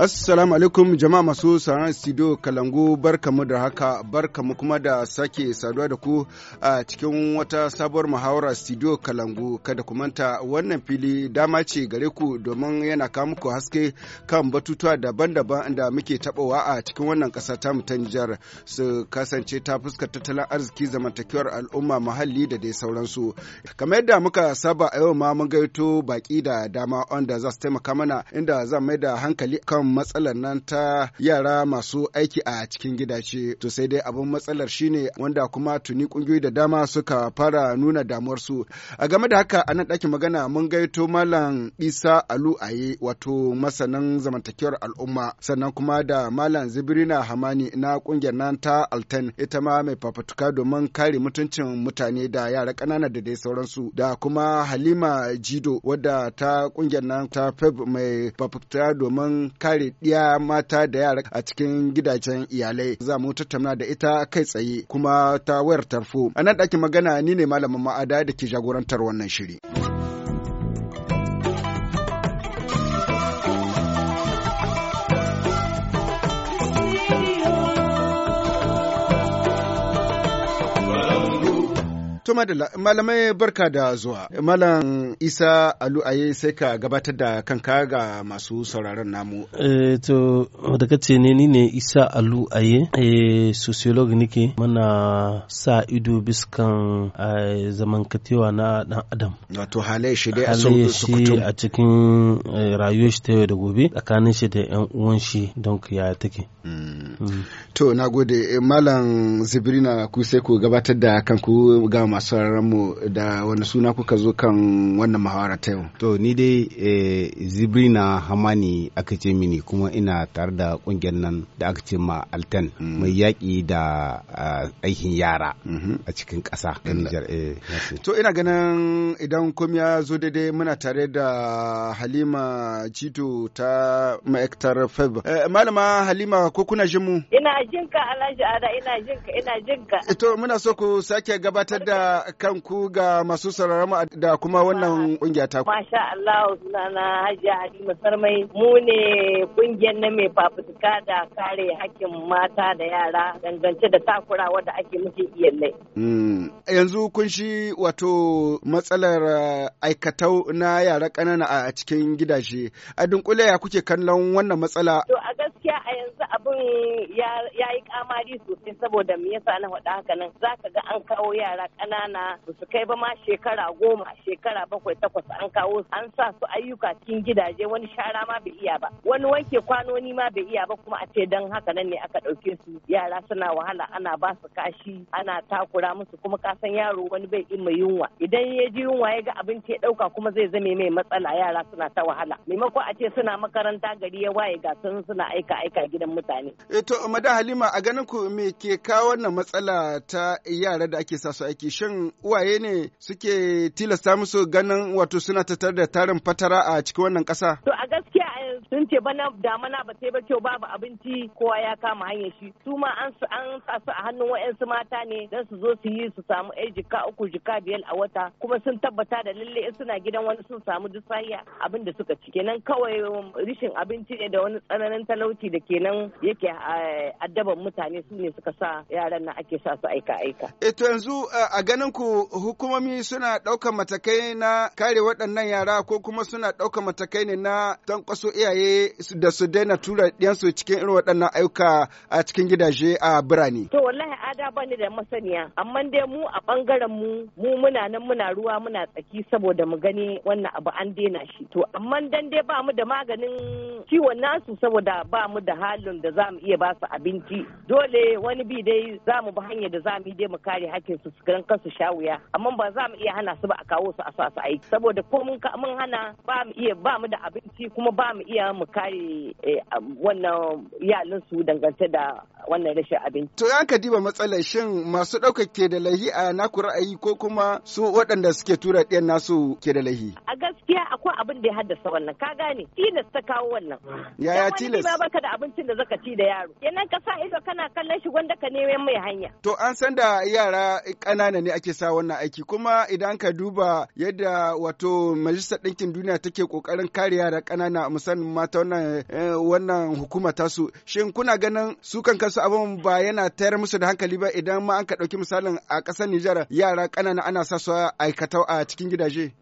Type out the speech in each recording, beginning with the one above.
Assalamu alaikum jama'a masu sauran studio Kalangu barkamu da haka barkamu kuma da sake saduwa da ku a cikin wata sabuwar muhawara studio Kalangu kada ku manta wannan fili dama ce gare ku domin yana kawo muku haske kan batutuwa daban-daban da muke taɓawa a cikin wannan ƙasa ta mu jihar su kasance ta fuskar tattalin arziki zamantakewar al'umma muhalli da dai sauransu kamar yadda muka saba a yau ma mun gaito baki da dama wanda za su taimaka mana inda zan mai da hankali kan matsalar nan ta yara masu aiki a cikin gidace to sai dai abin matsalar shine wanda kuma tuni kungiyoyi da dama suka fara nuna damuwar su a game da haka a nan ɗakin magana mun gaito malam isa alu aye wato masanin zamantakewar al'umma sannan kuma da malam zibirina hamani na kungiyar nan ta alten ita ma mai fafatuka domin kare mutuncin mutane da yara ƙanana da dai sauransu da kuma halima jido wadda ta kungiyar nan ta feb mai fafatuka domin kare kare ɗiya mata da yara a cikin gidajen iyalai za mu tattauna da ita kai tsaye kuma ta wayar tarfo a nan ɗakin magana ni ne malamin ma'ada da ke jagorantar wannan shiri. To malamai barka da zuwa. Malam Isa Alu Aye sai ka gabatar da kanka ga masu sauraron namu. Eh to daga ce ne ni ne Isa Alu Aye eh sociologue nake muna sa ido biskan eh, katewa na dan adam. Wato halaye shi dai a shi a cikin eh, rayuwar shi ta yau da gobe tsakanin shi da yan uwan shi don ya take. Mm. Mm. To nagode eh, Malam Zibrina ku sai ku gabatar da kanku ga masu mu da wani suna kuka zo kan wannan muhawara ta yau. To ni dai eh, Zibrina Hamani aka ce mini kuma ina tare da kungiyar nan da aka ce ma Alten mm-hmm. mai yaƙi da ah, aikin yara mm-hmm. a cikin ƙasa. Eh, to ina ganin idan komi ya zo daidai muna tare da Halima Cito ta ma'aikatar Feb. Eh, malama Halima ko kuna jin mu? Ina jinka Alhaji Ada ina jinka ina jinka. To muna so ku sake gabatar da Kan kanku ga masu sauraron da kuma wannan kungiya ta ku. Masha Allah sunana Hajiya Halima Sarmai mu ne kungiyar na mai fafutuka da kare hakkin mata da yara dangance da takurawa da ake iya iyalai. Hmm. Yanzu kun shi wato matsalar eh, aikatau na yara ƙanana a cikin gidaje. A dunkule ya kuke kallon wannan matsala? To a gaskiya a yanzu abin ya yi kamari sosai saboda me yasa na faɗa haka nan za ka ga an kawo yara ƙanana ƙanana ba su kai ba ma shekara goma shekara bakwai takwas an kawo an sa su ayyuka cikin gidaje wani shara ma bai iya ba wani wanke kwanoni ma bai iya ba kuma a ce dan haka nan ne aka ɗauke su yara suna wahala ana ba su kashi ana takura musu kuma ka san yaro wani bai ima yunwa idan ya ji yunwa ya ga abinci ya ɗauka kuma zai zame mai matsala yara suna ta wahala maimako a ce suna makaranta gari ya waye ga sun suna aika aika gidan mutane. Eh to Halima a ganin ku me ke kawo wannan matsala ta yara da ake sa su aiki shin uwaye ne suke tilasta musu ganin wato suna tattar da tarin fatara a cikin wannan kasa To a gaskiya eh, sun ce bana damana ba sai ba kyau babu abinci kowa ya kama hanyar shi su ma an sa su a hannun wa'yansu mata ne don su zo su yi su samu ai jika uku jika biyar a wata kuma sun tabbata da lalle in suna gidan wani sun samu duk sahiya abin da suka ci kenan kawai um, rishin abinci ne da wani tsananin talauci da kenan yake eh, addaban mutane su ne suka sa yaran na ake sa su aika aika. Eto eh, yanzu a ganin ku hukumomi suna ɗaukar matakai na kare waɗannan yara ko kuma suna ɗaukar matakai ne na tankwaso iyaye da su daina tura ɗiyansu cikin irin waɗannan ayyuka a cikin gidaje a birane. To wallahi ada ba ni da masaniya amma dai mu a ɓangaren mu mu muna nan muna ruwa muna tsaki saboda mu gani wannan abu an daina shi. To amma dan dai ba mu da maganin ciwon nasu saboda ba mu da halin da za mu iya ba su abinci. Dole wani bi dai za mu bi hanyar da za mu yi dai mu kare hakkin su su su sha wuya amma ba za mu iya hana su ba a kawo su a sa su aiki saboda ko mun mun hana ba mu iya ba mu da abinci kuma ba mu iya mu kare eh, wannan iyalin su dangance da wannan rashin abinci to yan kadiba matsalar shin masu ke da lahi a naku ra'ayi ko kuma su waɗanda suke tura ɗiyan nasu ke da lahi a gaskiya akwai abin da ya haddasa wannan ka gane tilas ta kawo wannan yaya tilas ba baka da abincin da zaka ci da yaro kenan ka sa ido kana kallon shi wanda ka neman mai hanya to an san da yara ƙanana ne ne ake sa wannan aiki kuma idan ka duba yadda wato majalisar ɗinkin duniya take ƙoƙarin kare yara ƙanana musamman mata wannan eh, wannan hukuma tasu shin kuna ganin su kan kansu abin ba yana tayar musu da hankali ba idan ma an ka ɗauki misalin a ƙasar Nijar yara ƙanana ana sa su aikatau a cikin gidaje.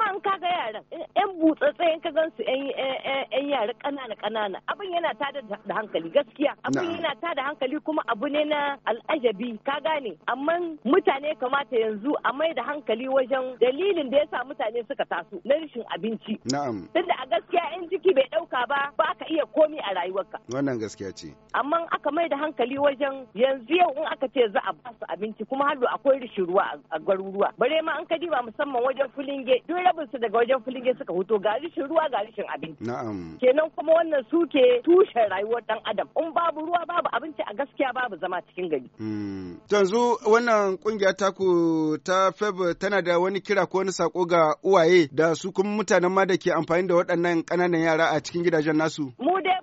kuma in kaga yaran yan butsatse in ka gansu yan yara kanana kanana abin yana tada da hankali gaskiya abin yana tada hankali kuma abu ne na al'ajabi ka gane amma mutane kamata yanzu a mai da hankali wajen dalilin da yasa mutane suka taso na rashin abinci na'am tunda a gaskiya in jiki bai dauka ba ba ka iya komi a rayuwarka wannan gaskiya ce amma aka mai da hankali wajen yanzu yau in aka ce za a ba su abinci kuma har akwai rishin ruwa a garuruwa bare ma an kadi ba musamman wajen fulinge dole kabinsu daga wajen filinge suka hoto, ga rishin ruwa ga rishin abinci na'am kenan kuma wannan suke tushen rayuwar dan adam in babu ruwa babu abinci a gaskiya babu zama cikin gari hmm. yanzu wannan kungiya taku ta feb tana da wani kira ko wani sako ga uwaye da su kuma mutanen ma da ke amfani da waɗannan ƙananan yara a cikin gidajen nasu mu dai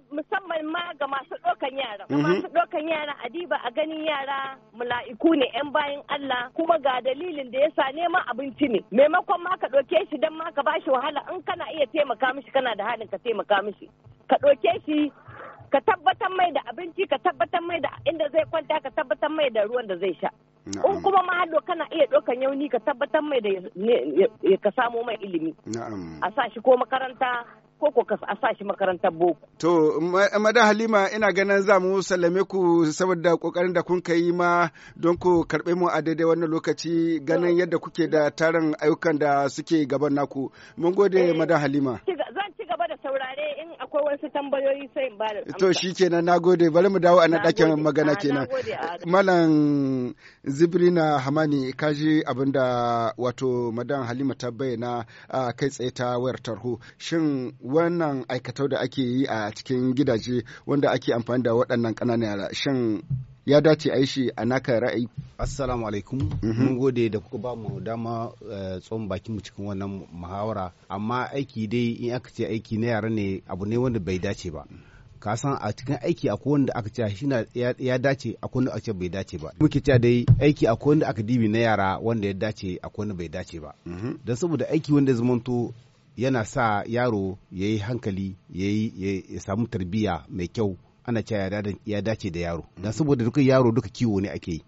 musamman ma ga masu ɗaukan yara. Ga mhm. masu ɗaukan yara a diba a ganin yara mala'iku ne 'yan bayan Allah kuma ga dalilin da ya sa neman abinci ne. Maimakon ma ka ɗauke shi don ma ka bashi wahala in kana iya taimaka mishi kana da halin ka taimaka mishi. Ka ɗauke shi ka tabbatar mai da abinci ka tabbatar mai da inda zai kwanta ka tabbatar mai da ruwan da zai sha. In kuma ma mahado kana iya ɗaukan yauni ka tabbatar mai da ka samo mai ilimi. A sa shi ko makaranta ko ko a sa shi makarantar boko. To, Madan Halima ina ganin za mu sallame ku saboda kokarin da kun kai ma don ku karɓe mu a daidai wannan lokaci ganin yadda kuke da tarin ayyukan da suke gaban naku. Mun gode eh, Madan Halima. akwai wasu tambayoyi sai ba To shi kenan na gode bari mu dawo a na ɗakin magana ah, kenan. Ah, Malam Zibrina Hamani kaji abin da wato madan Halima ta bayyana a ah, kai tsaye ta wayar tarho. Shin wannan aikatau da ake yi a cikin gidaje wanda ake amfani da waɗannan ƙananan yara shin ya dace a yi shi a naka ra'ayi assalamu alaikum mhm. mun gode da kuka ba mu dama eh, tsohon bakin mu cikin wannan muhawara amma aiki dai in aka ce aiki na yara ne abu ne wanda bai dace ba ka san a cikin aiki akwai wanda aka ce shi ya dace akwai wanda aka ce bai dace ba muke cewa dai aiki akwai wanda aka dibi na yara wanda ya dace akwai wanda bai dace ba mhm. don saboda aiki wanda ya zamanto yana sa yaro ya yi hankali ya samu tarbiyya mai kyau ana cewa ya dace da yaro da saboda duka yaro duka kiwo ne ake yi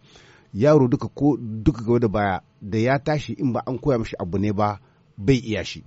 yaro duka ko duka gaba da baya da ya tashi in ba an koya mishi abu ne ba bai iya shi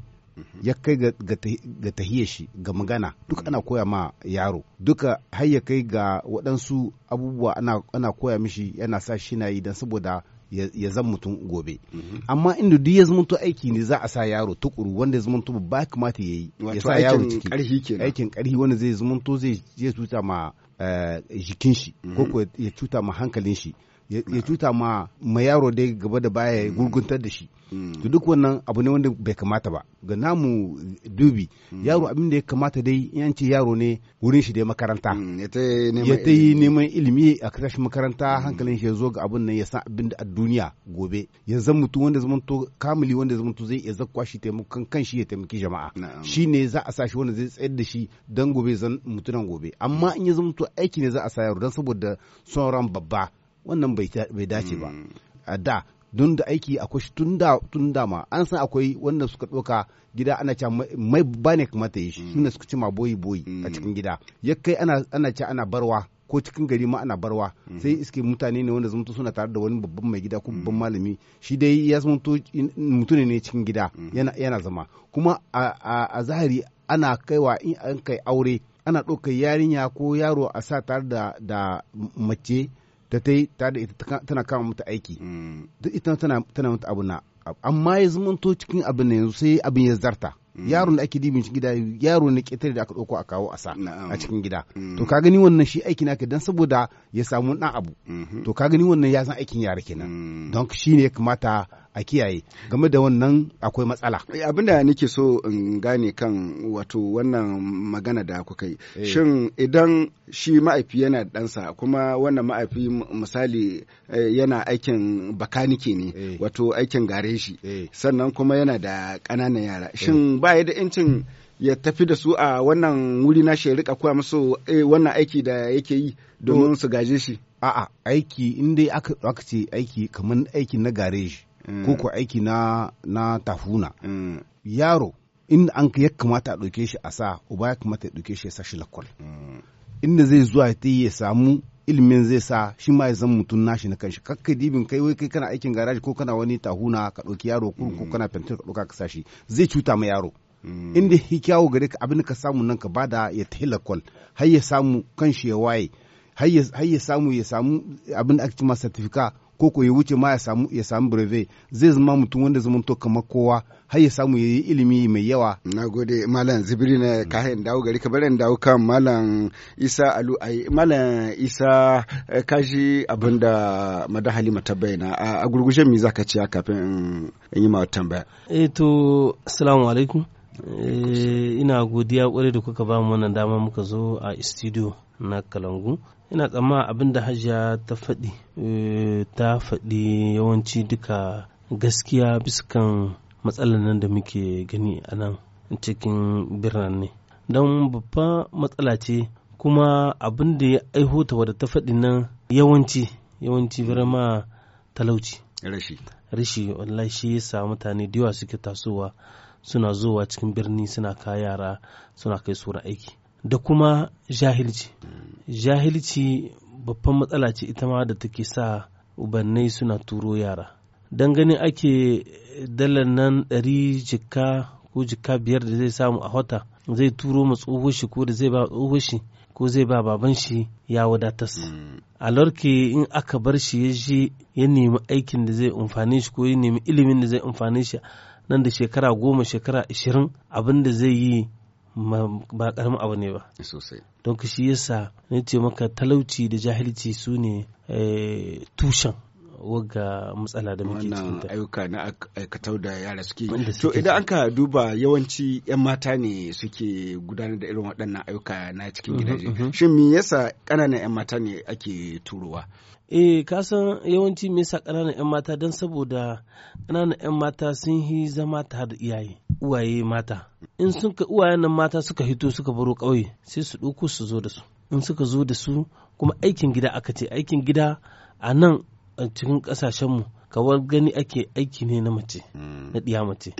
ya kai ga tahiyar shi ga magana duk ana koya ma yaro duka har ya kai ga waɗansu abubuwa ana koya mishi yana sa shi na yi don saboda ya zan mutum gobe mhm. amma inda duk ya zumunto aiki ne za a sa yaro tukuru wanda ya zamanto ba kamata ya yi ya sa yaro ciki aikin karhi wanda zai zumunto zai cuta ma eh, jikin shi ko mhm. ya cuta ma hankalin shi ya cuta ma ma yaro dai gaba da baya mm. gurguntar da shi mm. to duk wannan abu ne wanda bai kamata ba ga namu dubi mm. yaro abin da ya kamata dai yan ce yaro ne wurin shi dai makaranta ya ta yi neman ilimi a kasashe makaranta hankalin shi ya zo ga abin nan ya san abin da a duniya gobe ya zan mutu wanda zama to kamili wanda zama to zai iya zakwa shi taimakon kan shi ya taimaki jama'a shi ne za a sa shi wanda zai tsayar da shi dan gobe zan nan gobe amma in ya zama to aiki ne za a sa yaro dan saboda son ran babba wannan bai dace ba mm. a da don da aiki akwai tun da ma an san akwai wannan suka ɗauka gida ana ca mai bane kamata yi shi mm. suna suka ci ma boyi boyi a mm. cikin gida ya kai ana ca ana barwa ko cikin gari ma ana barwa sai iske mutane ne wanda zumuntu suna tare da wani babban mai gida ko babban malami shi dai ya zumuntu mutum ne cikin gida yana zama kuma a zahiri ana kaiwa in an kai aure ana ɗauka yarinya ko yaro a sa tare da mace ta ta yi ta da ita tana kama mata aiki mm. duk ita tana tana mata abu na amma ya to cikin abin ne yanzu sai abin ya zarta mm. yaron da ake dibin cikin gida yaro ne ketare da aka dauko a kawo a sa a cikin gida mm. to ka gani wannan shi aiki naka dan saboda ya samu dan abu mm-hmm. to ka gani wannan ya san aikin yara kenan don shi ne kamata a kiyaye game da wannan akwai matsala eh, abinda nake so in gane kan wato wannan magana da kuka yi eh. shin idan shi ma'aifi yana ɗansa kuma wannan ma'aifi misali eh, yana aikin bakanike ne wato aikin gare shi sannan kuma yana da ƙananan yara shin ba ya da 'yancin ya tafi da su a wannan wuri na shi rika koya musu wannan aiki da yake yi domin su gaje shi a'a aiki inda aka ce aiki kamar aiki na gareji. Mm. ko ko aiki na na tafuna mm. yaro in an ya kamata a ɗauke shi a sa uba ya kamata ya ɗauke shi ya sa shi lakwal mm. inda zai zuwa ya ya samu ilimin zai sa shi ma ya zama mutum nashi na kanshi kakka dibin kai wai kai kana aikin garaji ko kana wani tahuna ka ɗauki yaro kuru ko kana fentin ka ɗauka ka sa shi zai cuta ma yaro inda hi gare ka abin ka samu nan ka bada ya tahi lakwal har ya samu kanshi ya waye har ya samu ya samu abin da ake cima certificate koko ko ya wuce ma ya samu ya samu breve zai zama mutum wanda zama to kamar kowa har ya samu ya yi ilimi mai yawa na gode malam zibiri na kayan dawo gari ka barin dawo kan malam isa alu ai malam isa eh, kashi abinda mada halima ta bayyana a gurgushen mi zaka ciya kafin in yi ma tambaya eh to assalamu alaikum Eh, ina godiya kwarai da kuka ba mu wannan dama muka zo a studio na kalangu ina tsamma abin da hajiya ta faɗi eh, ta faɗi yawanci duka gaskiya biskan kan nan da muke gani a nan cikin birane don babba matsala ce kuma abin da ya aiho ta wadda ta faɗi nan yawanci yawanci birama talauci rashi rashi wallahi shi yasa mutane da yawa suke tasowa suna zuwa cikin birni suna ka yara suna kai su aiki da kuma jahilci jahilci babban matsala ce ita ma da take sa ubannai suna turo yara don ganin ake dalar nan ɗari jika ko jika biyar da zai samu a wata zai turo ma shi ko da zai ba shi ko zai ba baban shi ya wadatas a lorke in aka bar shi ya je ya nemi aikin da zai amfani shi ko ya nemi ilimin da zai amfani shi nan da shekara goma shekara ashirin abin da zai yi ba karamin abu ne ba sosai don shi yasa na ce maka talauci da jahilci su ne eh, tushen wagga matsala da muke cikin ta ayyuka na aikatau da yara suke to idan an ka duba yawanci yan mata ne suke gudanar da irin waɗannan ayyuka na cikin mhm, gidaje mhm. shin me yasa ƙananan yan mata ne ake turowa eh ka san yawanci me yasa ƙananan 'yan mata don saboda ƙananan 'yan mata sun yi zama ta da iyaye uwaye mata in sun ka uwayen nan mata suka hito suka baro ƙauye sai su ɗauko su zo da su in suka zo da su kuma aikin gida aka ce aikin gida a nan a cikin kasashenmu kawar gani ake aiki ne na mace na mm. ɗiya mace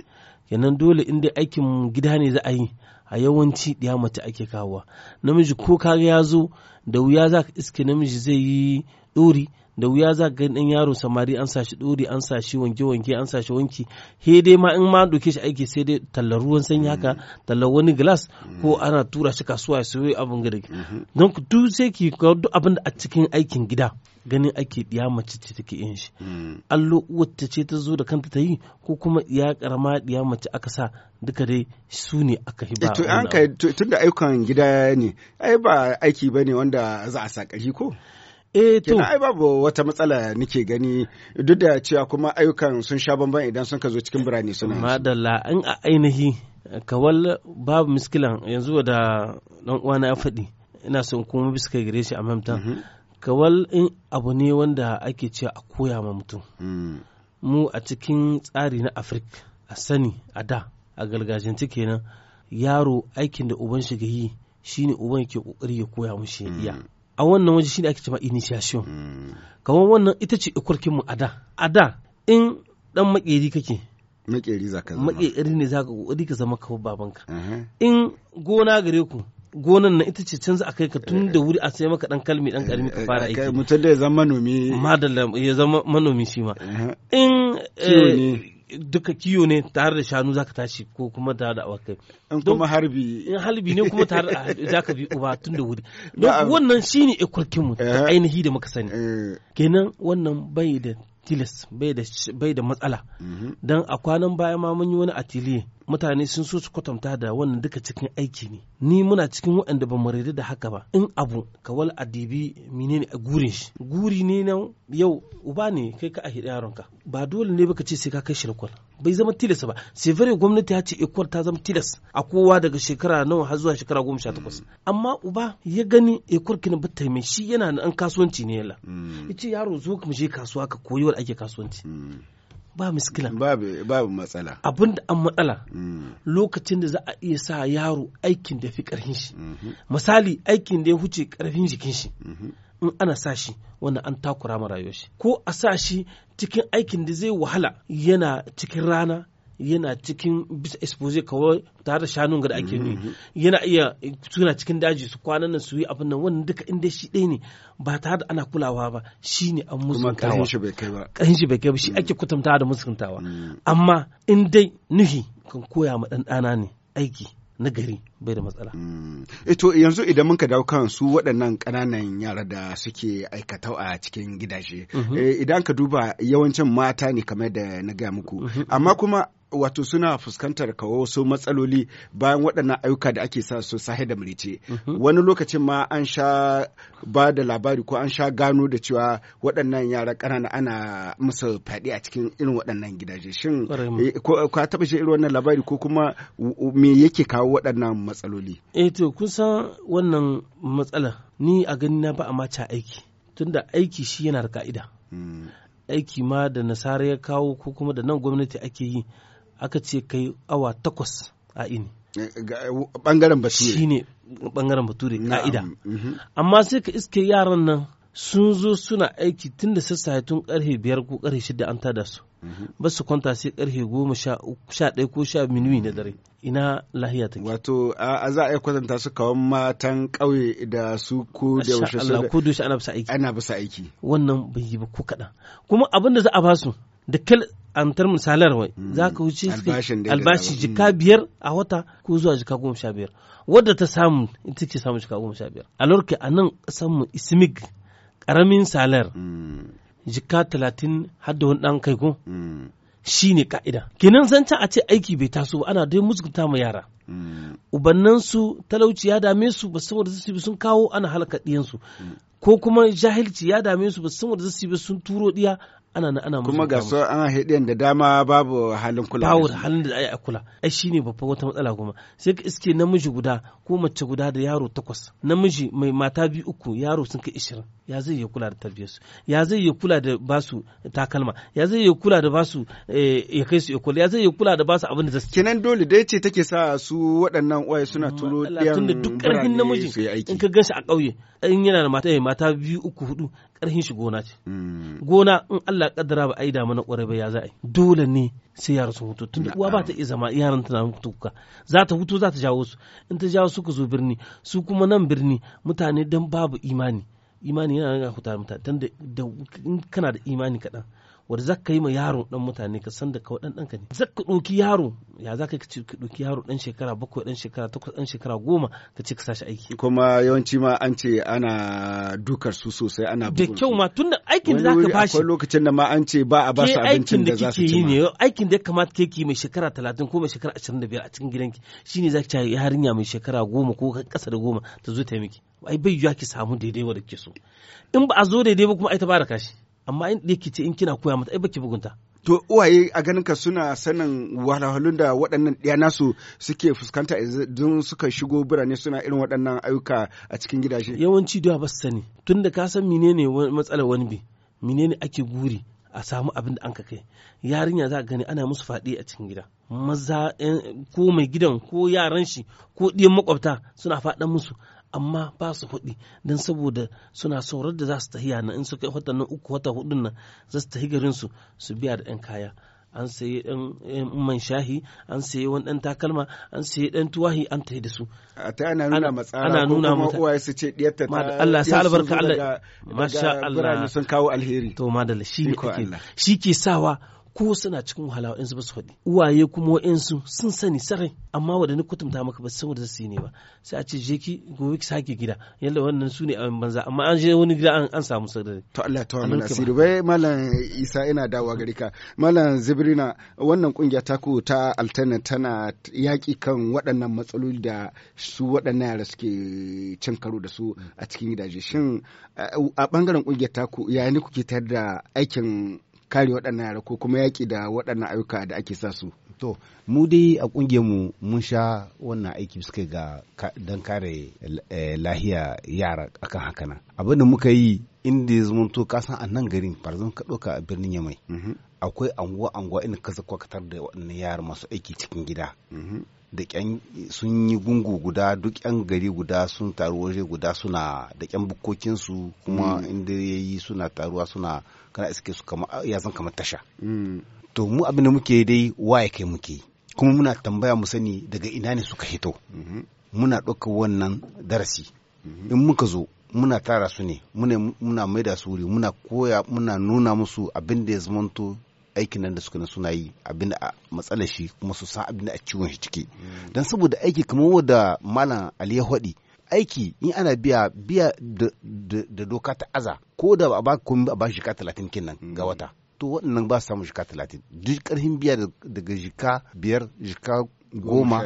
kenan dole inda aikin gida ne za a yi a yawanci ɗiya mace ake kawowa namiji ko kaga ya zo da wuya za ka iske namiji zai yi ɗori da wuya za ka gani yaro samari an sashi ɗori an sashi wanke wanke an sashi wanki he dai ma in ma ɗauke shi aiki sai dai tallar ruwan sanyi haka tallar wani glass ko ana tura shi kasuwa ya sayo abin gida mm-hmm. don ku duk sai ki ga duk abin da a cikin aikin gida ganin ake diya mace ce take yin shi mm. allo wacce ce ta zo da kanta ta yi ko kuma ya karama diya mace aka sa duka dai su ne aka hiba eh, to an kai tunda ayyukan gida ne ai ba aiki bane wanda za a sakari ko Eh to. ai babu wata matsala nake gani duk da cewa kuma ayyukan sun sha bamban idan sun ka zo cikin birane suna. Madalla in a ainihi kawal babu miskilan yanzu da dan uwana ya faɗi ina son kuma biska gare shi a mamta. Mhm. Kawal in abu ne wanda ake cewa a koya ma mutum. Mm. Mu a cikin tsari na Afirka a sani a da a gargajiyance kenan yaro aikin da uban shi ga yi shine uban ke kokari ya koya mushi ya iya. Mm. a wannan waje shine ake cewa initiation kamar wannan ita ce ikurkin mu a da a da in dan makeri kake makeri za ka zama makeri ne za ka kokari ka zama kawai babanka in gona gare ku gonan nan ita ce canza za a kai ka tun da eh. wuri a sai maka dan kalmi dan karmi ka eh, fara eh, aiki mutum da ya zama manomi madalla ya zama manomi shi ma in duka kiyo ne tare da shanu zaka tashi ko kuma tare da awakai in kuma harbi in harbi ne kuma tare da zaka bi uba tun da wuri don wannan shine ne mu da eh. ainihi da muka sani eh. kenan wannan bai da tilas bai da matsala mhm. don a kwanan baya ma mun yi wani atelier mutane sun so su kwatanta da wannan duka cikin aiki ne ni muna cikin waɗanda ba mu da haka ba in abu kawal adibi menene a gurin shi guri ne na yau uba ne kai ka a yaronka ba dole ne baka ce sai ka kai shi bai zama tilas ba severe gwamnati ya ce ekwal ta zama tilas a kowa daga shekara nawa har zuwa shekara goma sha takwas mm. amma uba ya gani ekwal kina ba ta mai shi yana an kasuwanci ne yala mm. ya ce yaro zo mu je kasuwa ka koyi wanda ake kasuwanci mm. ba miskila babu matsala abin da an matsala mm. lokacin da za a iya sa yaro aikin da fi karfin shi mm-hmm. misali aikin da ya huce karfin jikin shi mm-hmm. in ana sa shi wanda an takura ma rayuwar shi ko a sa shi cikin aikin da zai wahala yana cikin rana yana cikin bisa expose kawai tare da shanun ga da ake ni mhm. yana iya suna cikin daji su kwanan nan su yi abin nan wannan duka inda shi ɗaya ne ba tare da ana kulawa ba shi ne an musuntawa kuma shi bai kai ba shi bai kai ba shi ake kutumta da musuntawa mm. amma in dai nuhi kan koya ma dan ɗana ne aiki na gari bai da matsala. Ito mm. eh yanzu idan muka dawo kan su waɗannan ƙananan yara da suke aikata a cikin gidaje. Mhm. Eh, idan ka duba yawancin mata ne kamar da na gaya muku. Mhm. Amma kuma wato suna fuskantar kawo wasu matsaloli bayan waɗannan ayyuka da ake sa su sahi da mulice mhm. wani lokacin ma an sha ba da labari ko an sha gano da cewa waɗannan yara ƙanana ana musu faɗi a cikin irin waɗannan gidaje shin eh, ka taɓa shi irin wannan labari ko kuma me yake kawo waɗannan matsaloli eh to kun san wannan matsala ni a gani na ba a maca aiki tunda aiki shi yana da ka'ida hmm. aiki ma da nasara ya kawo ko kuma da nan gwamnati ake yi aka ce kai awa takwas a ini bangaren bature ne bangaren bature ka'ida mhm. amma sai ka iske yaran nan sun zo suna aiki tun da sassaye tun karfe biyar ko karfe shida an tada su mhm. ba su kwanta sai karfe goma sha ɗaya ko sha minuwi na dare ina lahiya take wato a za a iya kwatanta su kawan matan ƙauye da su ko da yaushe ko da ana bisa aiki ana bisa aiki wannan bai yi ba ko kaɗan kuma abin da za a ba su da kal an tarmin salar wai hmm. za ka wuce albashi jika hmm. biyar a wata ko zuwa jika goma sha biyar wadda ta samu ita ce samu jika goma sha biyar a lorke a nan samu ismik karamin salar hmm. jika talatin har da wani ɗan kai ko shi ne ka'ida kenan zancen a ce aiki bai taso ba ana dai musgunta ma yara su talauci ya dame su ba saboda su sun kawo ana halaka ɗiyansu ko kuma jahilci ya dame su ba saboda su zasu yi sun turo diya ana na ana kuma ga su an haɗe da dama babu halin kula babu halin da ai a kula ai shine babban wata matsala kuma sai ka iske namiji guda ko mace guda da yaro takwas namiji mai mata biyu uku yaro sun kai 20 ya zai ya kula da tarbiyarsu ya zai ya kula da basu takalma ya zai ya kula da basu eh, ya kai su ya kula ya zai ya kula da basu abin da zasu kenan dole dai ce take sa su waɗannan uwaye suna turo diyan duk ƙarfin namiji in ka gashi a ƙauye in yana da mata eh, mata biyu uku hudu karhin shi gona ce hmm. gona in Allah kaddara ba a yi da mana kwarai ba ya za dole ne sai yaran sun hutu tun uwa ba ta iya zama yaran tana hutu kuka za ta hutu za ta jawo su in ta jawo su ka zo birni su kuma nan birni mutane dan babu imani imani yana ga hutar mutane tanda in kana da imani kaɗan wanda za ka yi ma yaro dan mutane ka san da kawai dan ɗanka ne za ka ɗauki yaro ya za ka ci ka doki yaro dan shekara bakwai dan shekara takwas dan shekara goma ka ce ka sashi aiki kuma yawanci ma an ce ana dukar su sosai ana da kyau ma tunda aikin da za ka bashi akwai lokacin da ma an ce ba a ba su abincin da za su ci ne aikin da ya kamata kake mai shekara talatin ko mai shekara ashirin da biyar a cikin gidanki shine za ci yarinya mai shekara goma ko kasa da goma ta zo ta miki ai bai yuwa ki samu daidai da kike so in ba a zo daidai ba kuma ai ta bada kashi amma in ɗaya ce in kina koya mata ai baki bugunta to uwaye a ganin ka suna sanin wahalhalun da waɗannan ɗaya nasu suke fuskanta idan suka shigo birane suna irin waɗannan ayyuka a cikin gidaje yawanci da ba su sani tunda ka san menene matsalar wani bi menene ake guri a samu abin da an kai yarinya za a gani ana musu faɗi a cikin gida maza ko mai gidan ko yaran shi ko ɗiyan makwabta suna faɗan musu amma ba su hudi don saboda suna saurar da za su tahiya na in suka wata na uku wata hudun nan za su tahi garin su su biya da 'yan kaya an sayi ɗan man shahi an sayi wani ɗan takalma an sayi ɗan tuwahi an tahi da su a ta ana nuna matsara ana nuna mata uwaye su ce diyarta ta Allah sa albarka Allah masha Allah sun kawo alheri to madalla shi ne ake shi ke sawa ko suna cikin wahala in su basu faɗi uwaye kuma wa'insu sun sani sarai amma wanda ni kutumta maka ba san wanda su yi ne ba sai a ce je ki gobe ki sake gida yalla wannan su ne a banza amma an je wani gida an samu sarari to Allah ta wani asiri bai malam Isa ina dawowa gari ka malam Zibrina wannan kungiya ta ku ta Altana tana yaki kan waɗannan matsaloli da su waɗannan yara suke cin karo da su a cikin gidaje shin a bangaren kungiyar ku yayin kuke tayar da aikin kare waɗannan yara ko kuma yaƙi da waɗannan ayyuka da ake sa su to mu dai a mu mun sha wannan aiki suka ga don kare eh, lahiya yara akan nan abin da muka yi inda ya zamanto san a nan garin farzan ka ɗauka a birnin yamai mm-hmm. akwai anguwa anguwa inda ka zakwa da waɗannan yara masu aiki cikin gida mm-hmm. da kyan sun yi gungu guda duk yan gari guda sun taru waje guda suna da kyan bukkokinsu kuma mm. inda ya yi suna taruwa suna kana iske su kama ya zan kamar tasha mm. to mu abin da muke dai waye kai muke kuma muna tambaya mu sani daga ina ne suka hito mm-hmm. muna ɗauka wannan darasi mm-hmm. in muka zo muna tara su ne muna maida su wuri muna koya muna nuna musu abin da ya zamanto aikin nan da suka na suna yi abin a matsalar shi kuma su san abin da a ciwon shi ciki mm. dan saboda aiki kamar wanda malam ali ya faɗi aiki in ana biya biya da doka ta aza ko da ba komi ba shi ka talatin kenan ga mm. wata to waɗannan ba su samu shika 30 duk ƙarfin biya daga jika biyar jika goma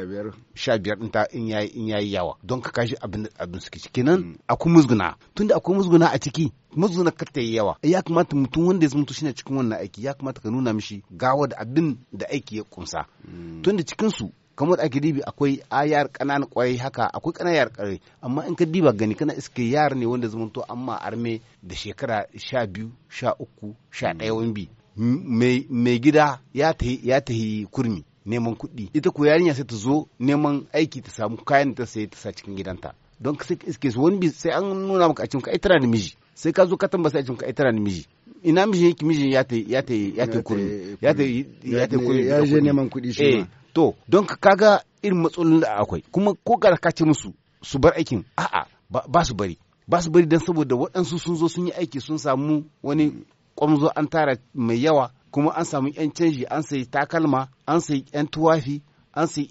sha biyar ta in yayi in yayi yawa don ka kashi abin abin suke ciki nan mm. akwai musguna tunda akwai musguna a ciki musguna kar ta yi yawa ya kamata mutum wanda ya mutu shine cikin wannan aiki ya kamata ka nuna mishi gawa da abin da aiki ya kunsa. Mm. tunda cikin su kamar ake dibi akwai ayar kananan kwai haka akwai ƙananan kare. amma in ka diba gani kana iske yar ne wanda zamanto amma arme da shekara sha biyu sha uku sha ɗaya mm. wani bi mai gida ya ta yi kurmi neman kuɗi ita ko yarinya sai ta zo neman aiki ta samu kayan ta sai ta sa cikin gidanta don ka sai iske su wani bi sai an nuna maka a cikin ka ai da miji sai ka zo ka tambasa a cikin ka ai da miji ina miji yake miji ya ta ya ta ya ta kuri ya ta ya ta kuri ya je neman kuɗi shi eh, ma to don ka kaga irin matsalolin da akwai kuma ko ka ce musu su bar aikin a'a ba su bari ba su bari don saboda waɗansu sun zo sun yi aiki sun samu wani kwamzo an tara mai yawa kuma an samu yan canji an sayi takalma an sayi yan tuwafi an sayi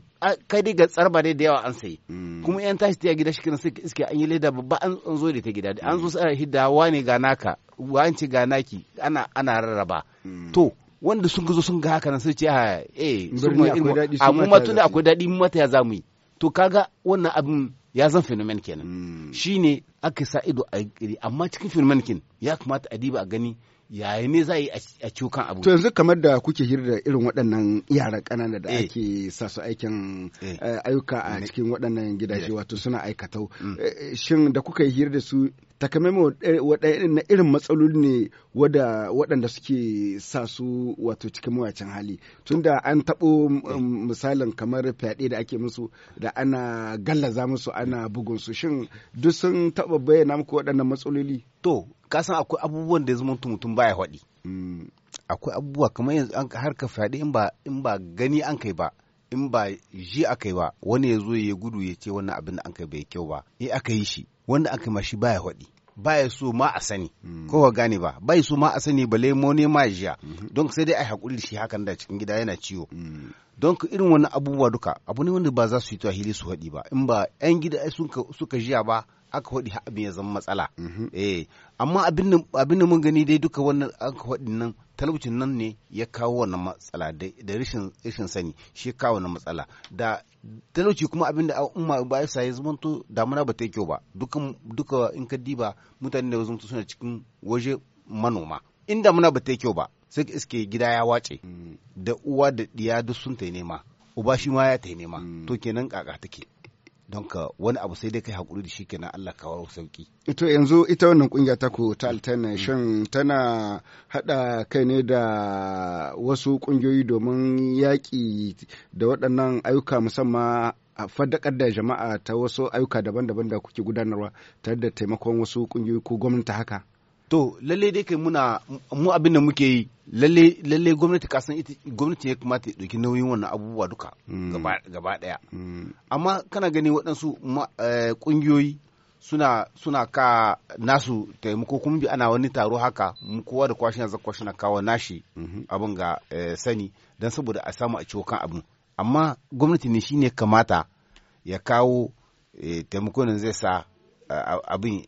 kai dai ga tsarba dai da yawa an sayi mm. kuma yan tashi ta gida shikenan sai iske an yi leda babba an zo da ta gida an zo sai hidda wane ga naka wance ga naki ana ana rarraba mm. to wanda sun zo sun ga haka nan sai ce ah, eh amma ma ah, tunda akwai dadi mu mata ya zamu yi to kaga wannan abin ya zan fenomen kenan mm. shine aka sa ido a amma cikin fenomen ya kamata a diba a gani yaya ne za a yi a cukan abu to yanzu kamar da kuke hira da irin waɗannan yaran ƙanana da eh. ake sa su aikin eh. Eh, ayyuka a mm. cikin waɗannan gidaje wato suna aikatau mm. shin da kuka yi hira da su takamaimai na irin matsaloli ne waɗanda suke sa su wato cikin mawacin hali tunda an taɓo mm, misalin kamar fyaɗe da ake musu da ana gallaza musu ana bugun su shin duk sun taɓa bayyana muku waɗannan matsaloli to ka san akwai abubuwan da ya zama mutum baya faɗi akwai abubuwa kamar yanzu an harka fyaɗe in ba in ba gani an kai ba in ba ji aka yi ba wani ya zo ya gudu ya ce wannan abin da an kai bai kyau ba eh aka yi shi wanda aka ma shi baya faɗi baya so ma a sani mm. ko gane ba bai so ma a sani ba lemo ne ma jiya mm-hmm. don sai dai a hakuri shi hakan da cikin gida yana ciwo mm. don irin wani abubuwa duka abu ne wanda ba za su yi hili su haɗi ba in ba yan gida suka jiya ba aka faɗi abin ya zama matsala mhm. eh, amma abin da mun gani dai duka wannan aka faɗi nan talabcin nan ne ya kawo wannan matsala da rashin sani shi kawo wannan matsala da talauci kuma abin da umma ba ya saye zamanto damuna ba ta yi kyau ba duka in ka diba mutane da zamanto suna cikin waje manoma in damuna ba ta yi kyau ba sai iske gida ya wace mm. da uwa da diya duk sun ta nema uba shi ma ya ta nema mm. to kenan kaka take don ka wani abu sai dai kai hakuri da shi kenan Allah kawo sauki ito yanzu ita wannan kungiya ta ku ta Alternation tana haɗa kai ne da wasu kungiyoyi domin yaƙi da waɗannan ayyuka musamman a faddakar da jama'a ta wasu ayyuka daban-daban da kuke gudanarwa tare da taimakon wasu kungiyoyi ko gwamnati haka to lalle dai kai muna mu abin da muke yi lalle lalle gwamnati ka san gwamnati ya kamata ya dauki nauyin wannan abubuwa duka mm. gaba daya mm. amma kana gani waɗansu kungiyoyi eh, suna suna ka nasu taimako kuma bi ana wani taro haka mu kowa da kwashin yanzu na kawo nashi mm-hmm. abin ga eh, sani dan saboda a samu a ciwo kan abin amma gwamnati ne shine kamata ya kawo taimako eh, taimakon zai sa abin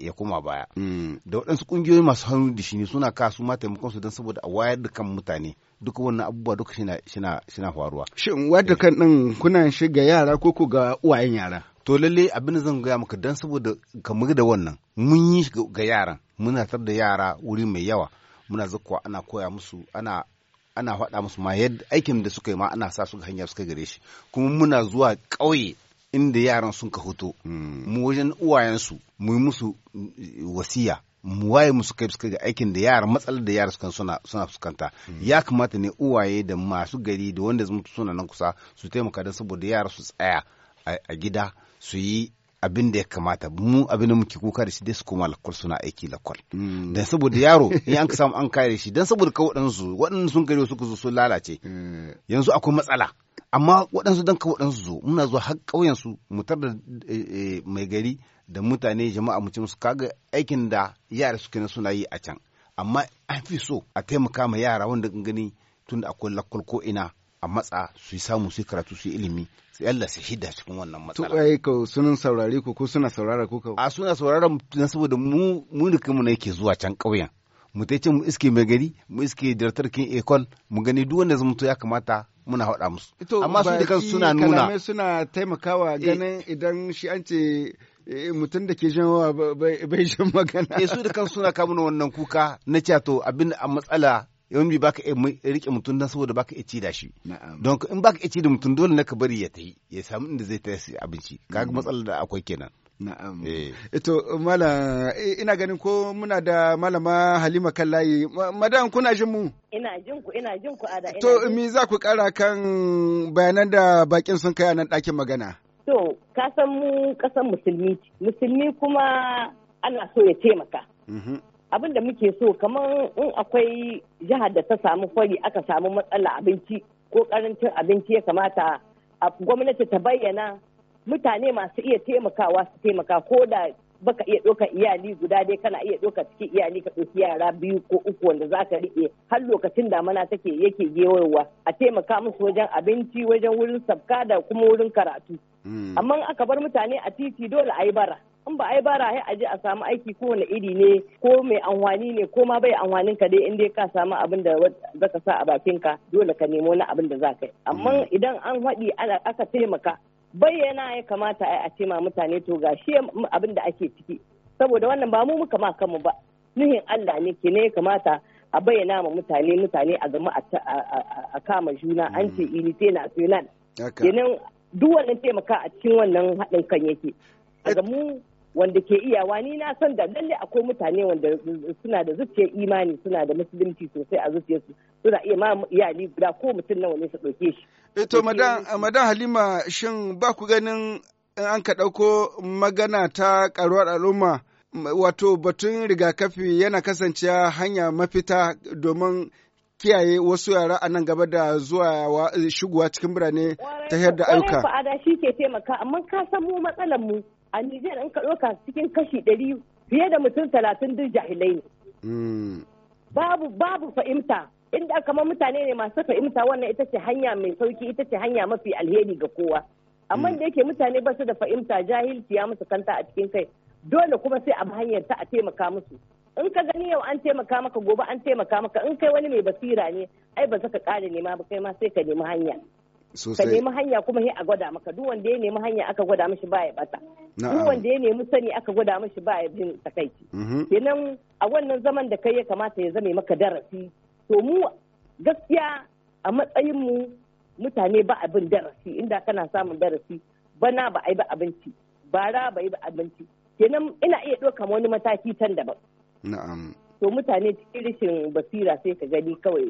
ya koma baya mm. da waɗansu ƙungiyoyi masu hannu da shi ne suna su mata taimakon su don saboda a wayar da kan mutane duk wannan abubuwa duka shina faruwa shin wayar da kan ɗin kuna shi ga yara ko ko ga uwayen yara to lalle abin da zan gaya maka don saboda kamar da wannan mun yi ga yaran muna tar da yara wuri mai yawa muna zakkuwa ana koya musu ana ana faɗa musu ma yadda aikin da suka yi ma ana sa su ga hanya suka gare shi kuma muna zuwa ƙauye inda yaran sun ka hoto mm. mu wajen uwayensu mu yi musu wasiya mu waye musu kai suka ga aikin da yara matsalar da yara suna fuskanta mm. ya kamata ne uwaye da masu gari da wanda mutu suna nan kusa su taimaka da saboda yara su tsaya a gida su yi abin da ya kamata mu abin da muke kuka da shi dai su koma lakwal suna aiki lakwal mm. dan saboda yaro in an samu an kare shi dan saboda ka waɗansu waɗansu sun gari su zo sun lalace eh. yanzu akwai matsala amma waɗansu don ka waɗansu zo muna zuwa har ƙauyensu mu tar da eh, eh, mai gari da mutane jama'a mu ce musu kaga aikin da yara suke na suna yi a can amma an fi so a taimaka ma yara wanda gani tun da akwai lakwal ko ina a matsa su yi samu su yi karatu su yi ilimi sai Allah su shida cikin wannan matsala. Tuɓaye ka sunan saurari ku ko suna saurara ku ka? A suna saurara na saboda mu mu da ne ke zuwa can ƙauyen mu ta ce mu iske mai gari mu iske director kin ekol mu gani duk wanda zamanto ya kamata muna haɗa musu amma su da kansu suna nuna suna taimakawa eh. ganin idan shi an ce eh, mutum da ke jinwa bai jin magana. Eh su da kansu suna kamuna wannan kuka na cewa to abin a matsala yawan bi baka rike mutum dan saboda baka ci da shi. Don in baka ci da mutum dole na ka bari ya tafi ya samu inda zai tafi abinci. Kaga mm. matsalar da akwai kenan. Na'am. Ito eh. mala eh, ina ganin ko muna da malama Halima Kallayi. Madam kuna jin mu? Ina jin ku ina jin ku ada. To me za ku kara kan bayanan da bakin sun kai a nan ɗakin magana? To ka san mu kasan musulmi musulmi kuma ana so ya taimaka. Mm-hmm. Abin da muke so kamar in akwai jihar da ta samu kwari aka samu matsala abinci ko karancin abinci ya kamata gwamnati ta bayyana mutane masu iya taimakawa su taimaka ko da baka iya ɗauka iyali guda dai kana iya ɗauka ciki iyali ka ɗauki yara biyu ko uku wanda za ka riƙe har lokacin damana take yake gewarwa a taimaka musu wajen abinci wajen wurin sabka da kuma wurin karatu hmm. amma aka bar mutane a titi dole a yi bara in ba a yi bara sai a je a samu aiki ko wani iri ne ko mai anwani ne ko ma bai anwanin ka dai inda ka samu abin da zaka sa a bakin ka dole ka nemo na abin da za ka yi amma hmm. idan an haɗi aka taimaka bayyana ya kamata a yi ce ma mutane to ga shi abin da ake ciki saboda wannan ba mu muka ma kanmu ba nuhin Allah ne ke ne ya kamata a bayyana ma mutane mutane a gama a kama juna an ce unité mm. national kenan duk wannan taimaka a cikin wannan haɗin kan yake daga mu wanda ke iyawa ni na san da lalle akwai mutane wanda suna da zuciyar imani suna da musulunci sosai a zuciyarsu suna iya ma iyali guda ko mutum nawa ne su ɗauke shi. eh to madan Halima shin ba ku ganin in an ka ɗauko magana ta ƙaruwar al'umma wato batun rigakafi yana kasancewa hanya mafita domin kiyaye wasu yara a nan gaba da zuwa shigowa cikin birane ta yadda ayyuka. Kwarai fa'ada shi ke taimaka amma ka san mu matsalar mu a Nijar in ka ɗauka cikin kashi ɗari fiye da mutum talatin duk jahilai ne. Hmm. Babu babu fahimta inda kamar mutane ne masu fahimta wannan ita ce hanya mai sauki ita ce hanya mafi alheri ga kowa. Amma hmm. da yake mutane ba su da fahimta jahilci ya musu kanta a cikin kai dole kuma sai a hanyar ta a taimaka musu. In ka gani yau an taimaka maka gobe an taimaka maka in kai wani mai basira ne ai ba za ka ƙara nema ba kai ma sai ka nemi hanya. ka nemi hanya kuma sai a gwada maka duk wanda ya nemi hanya aka gwada mashi ba ya bata duk wanda ya nemi sani aka gwada mashi ba ya bin takaici mm-hmm. kenan a wannan zaman da kai ya kamata ya zame maka darasi to mu gaskiya a matsayin mu mutane ba abin darasi inda kana samun darasi bana ba a ba abinci bara ba yi ba abinci kenan ina iya ɗauka wani mataki can daban na'am to mutane cikin rashin basira sai ka gani kawai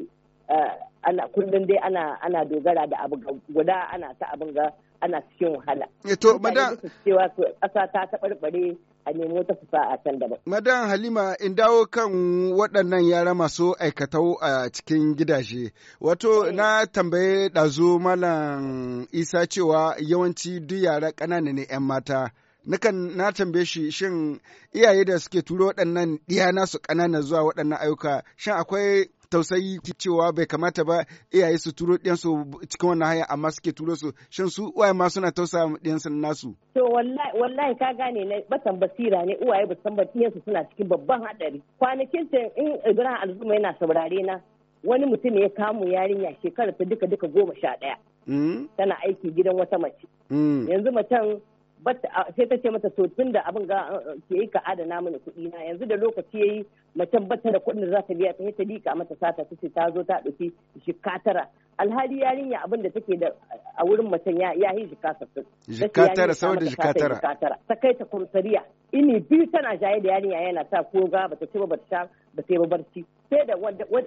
ah, ana kullum dai ana ana dogara da abu guda ana ta abin ga ana cikin wahala. Eh, to madan cewa ƙasa ta taɓarɓare a nemo ta fusa a can daban. Madan Halima in dawo kan waɗannan yara masu aikatau a cikin gidaje. Wato eh. na tambaye ɗazu Malam Isa cewa yawanci duk yara ƙanana ne 'yan mata. Nakan na tambaye shi shin iyaye da suke turo waɗannan ɗiya nasu ƙanana zuwa waɗannan ayyuka shin akwai tausayi cewa bai kamata ba iyaye su turo ɗiyansu cikin wannan haya amma suke turo su shan su uwaye ma suna tausaya ɗiyansu nasu. to wallahi ka gane na batan basira ne uwaye ba san suna cikin babban haɗari kwanakin ta in ibrahim alzuma yana saurare na wani mutum ya kamu yarinya shekarar ta duka duka goma sha ɗaya. Hmm? tana aiki gidan wata mace. Hmm. yanzu macen sai ta ce mata to tun da abin ga ke yi ka adana mini kuɗi na yanzu da lokaci ya yi. macen bata da kuɗin da za ta biya ta yi ta dika mata sata ta ce ta zo ta ɗauki shika tara alhali yarinya abin da take da a wurin macen ya ya yi shika sassun shika tara saboda shika tara ta kai ta kumsariya ini biyu tana jaye da yarinya yana ta koga bata ci ba bata sha ba ta yi barci sai da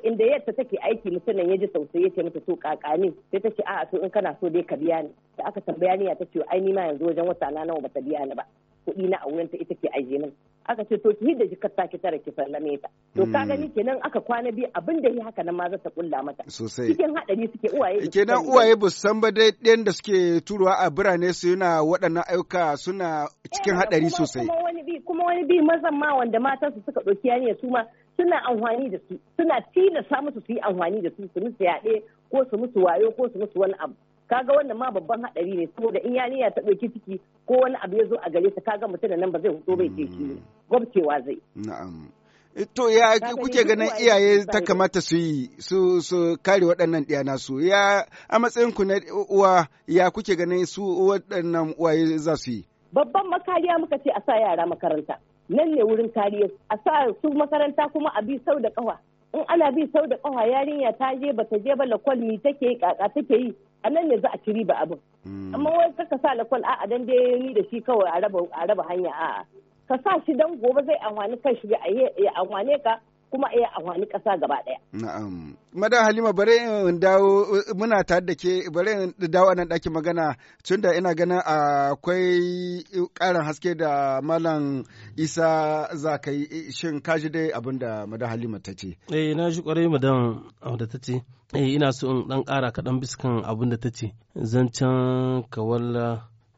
inda yadda take aiki mutumin ya ji tausayi ce mata to kakani sai ta ce a'a to in kana so dai ka biya ni da aka tambaya ni ya ta ce ai ni ma yanzu wajen wata na nawa bata biya ni ba kuɗi na a wurin ta ita ke ajiye min aka ce to ki hidda jikar ki tare ki sallame ta to ka hmm. gani kenan aka kwana biyu abin da yi haka nan ma za ta kulla mata sosai cikin hadari suke uwaye kenan uwaye ba san ba dai ɗayan da suke turuwa a birane su yana waɗannan ayyuka suna cikin eh, hadari sosai kuma wani bi kuma wani bi mazan ma wanda matan su suka ɗauki yaniya su ma suna amfani da su suna tilasa musu su yi amfani da su su musu yaɗe ko su musu wayo ko su musu wani abu kaga wannan ma babban hadari ne saboda in yarinya ta ɗauki ciki ko wani abu ya zo a gare ta kaga mutum da nan ba zai hudo bai ce shi mm. gwabcewa zai na'am eh, to ya kuke ganin iyaye ta kamata su yi su su kare waɗannan ɗiya nasu ya a matsayin ku na uwa ya kuke ganin su waɗannan uwaye za su yi babban makariya muka ce a sa yara makaranta nan ne wurin kariya a sa su makaranta kuma a bi sau da kawa in ana bi sau da kawa yarinya ta je bata je ba lakwal mi take kaka take yi a nan yanzu a ci riba abin hmm. amma wai kaka sa lakwal a'a dan dai ni da shi kawai a raba hanya a'a ka sa shi dan gobe zai amfani kan shi ya amfane ka kuma iya amfani ƙasa gaba ɗaya. Na'am. Mada Halima bare in dawo muna tare da ke bare in dawo a nan ɗakin magana tunda ina ganin akwai ƙarin haske da Malam Isa za ka yi shin ka ji dai abin da Mada Halima ta ce. Eh na ji ƙwarai madam da ta ce. Eh ina so in ɗan ƙara kaɗan biskan abin da ta ce. Zancen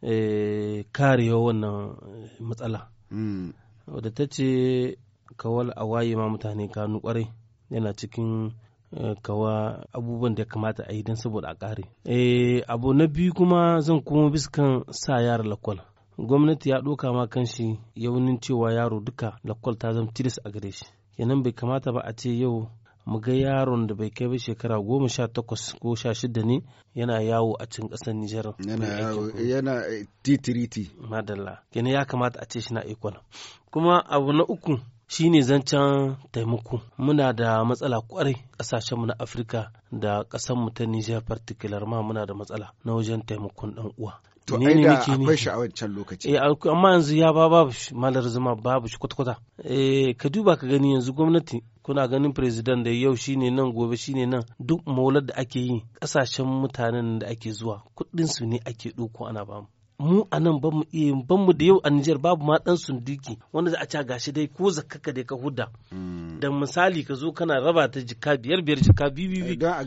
eh, karewa wannan eh, matsala. Mm. Wadda ta ce kawal a waye ma mutane kanu kwarai yana cikin eh, kawa abubuwan da ya kamata a yi don saboda a kare. Eh, abu na biyu kuma zan kuma biskan sa yara lakwal gwamnati ya ɗoka ma kanshi yaunin cewa yaro duka lakwal ta zama tilis a gare shi kenan bai kamata ba a ce yau mu ga yaron da bai kai ba shekara goma sha takwas ko sha shida ne yana yawo a cikin ƙasar Nijar. Yana titiriti. Madalla. Kenan ya kamata a ce shi na ikon. Kuma abu na uku Shi shine zancen taimako muna da matsala kwarai mu na afirka da mu ta nijar particular ma muna da matsala na wajen taimakon dan uwa to ai da akwai sha'awar can lokaci eh amma yanzu ya ba babu malar zuma babu shi kwata-kwata eh ka duba ka gani yanzu gwamnati kuna ganin president da yau shine nan gobe shine nan duk maular da ake yi kasashen mutanen da ake zuwa kuɗin su ne ake doko ana bamu mu a nan ban mu iya ban mu da yau a Nijar babu ma dan sunduki wanda za a ca gashi dai ko ka dai ka huda hmm. da misali ka zo kana raba ta jika biyar biyar jika biyu biyu a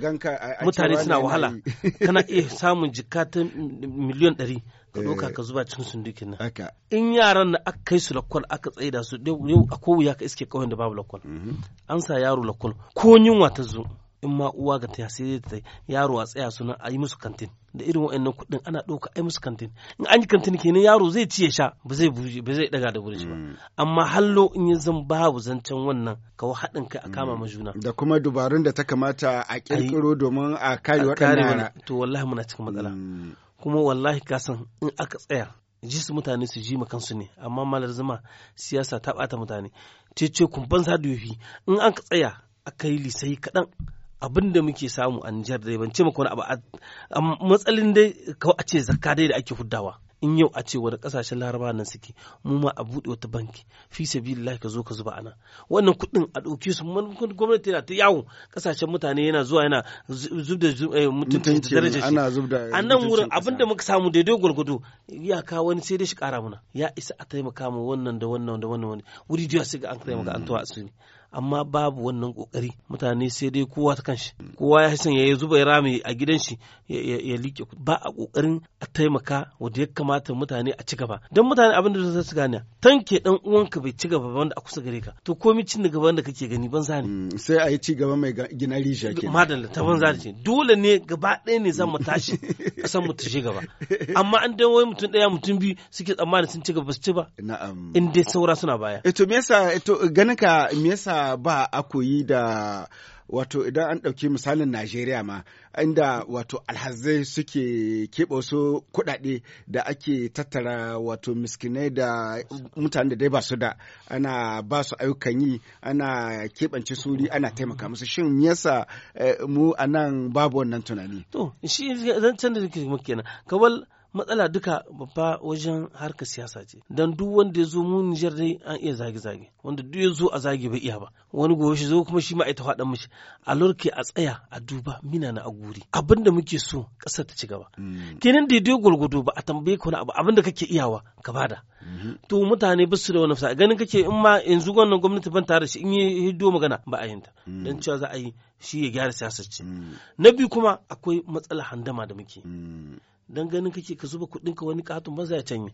mutane suna wahala kana iya samun jika ta miliyan ɗari ka ɗauka eh. ka zuba cikin sundukin nan in yaran da aka kai su lakwal aka tsaida su yau a wuya ka iske kauyen da babu lakwal mhm. an sa yaro lakwal ko yunwa ta zo in ma uwa ga ta sai ta yaro a tsaya suna a yi musu kantin da irin wa'annan kuɗin ana ɗauka a yi musu kantin in an yi kantin kenan yaro zai ci ya sha ba zai buje ba zai daga da burji ba mm. amma hallo in ya zan babu zancen wannan ka wa haɗin kai a kama mm. ma da kuma dubarun da ta kamata a ƙirƙiro domin a kare waɗannan to wallahi muna cikin matsala mm. kuma wallahi kasan in aka tsaya ji su mutane su ji kansu ne amma malar zama siyasa ta ɓata mutane ce ce kumban sa in an ka tsaya aka yi lisai kaɗan abin da muke samu a Nijar da ban ce maka wani abu a matsalin dai kawai a ce zakka dai da ake huddawa in yau a ce wani kasashen laraba nan suke mu ma a buɗe wata banki fi sabilillah ka zo ka zuba ana wannan kuɗin a ɗauke su gwamnati na ta yawo kasashen mutane yana zuwa yana zub da eh, mutunci da darajar shi a nan wurin abin da muka samu daidai gwargwado iyaka wani sai dai shi ƙara muna ya isa a taimaka mu wannan da wannan da wannan wani wuri jiya sai ga an taimaka an tawa asiri amma babu wannan kokari mutane sai dai kowa ta kanshi kowa ya san yayi zuba rami a gidan shi ya liƙe ba a kokarin a taimaka wanda ya kamata mutane a ci gaba dan mutane abin da su gane tanke dan uwanka bai ci gaba wanda a kusa gare ka to komai cin da wanda kake gani banza ne mm, sai a yi ci gaba mai gina risha kenan madalla ta banza ce mm. dole ne gaba ɗaya ne zan mu tashi kasan mu tashi gaba amma an dan wai mutum ɗaya mutum biyu suke tsammani sun ci gaba ba su ci ba na'am in dai saura suna baya eh to me yasa eh, to ganin ka me yasa ba a koyi da wato idan an ɗauki misalin Najeriya ma inda wato alhazai suke keɓe wasu kuɗaɗe da ake tattara wato miskinai da mutane da dai ba su da ana ba su ayyukan yi ana keɓance suri ana taimaka musu shin yasa eh, mu a nan babu wannan tunani. To shi da kenan kawal matsala duka babba wajen harka siyasa ce dan duk wanda ya zo mu Nijar dai an iya zage zage wanda duk ya zo a zage bai iya ba wani gobe shi zo kuma shi ma ita faɗa mishi a lurke a tsaya a duba mina na a guri abinda muke so ƙasar ta ci gaba mm. kenan dai gwargwado ba a tambaye ka wani abu abinda kake iyawa ka bada mm-hmm. to mutane ba su da wani fasa ganin kake in ma yanzu wannan gwamnati ban tare shi in yi hiddo magana ba a ta mm. dan cewa za a yi shi ya gyara siyasar ce mm. na biyu kuma akwai matsala handama da muke dan ganin kake ka zuba kuɗin ka wani katon ba ya canye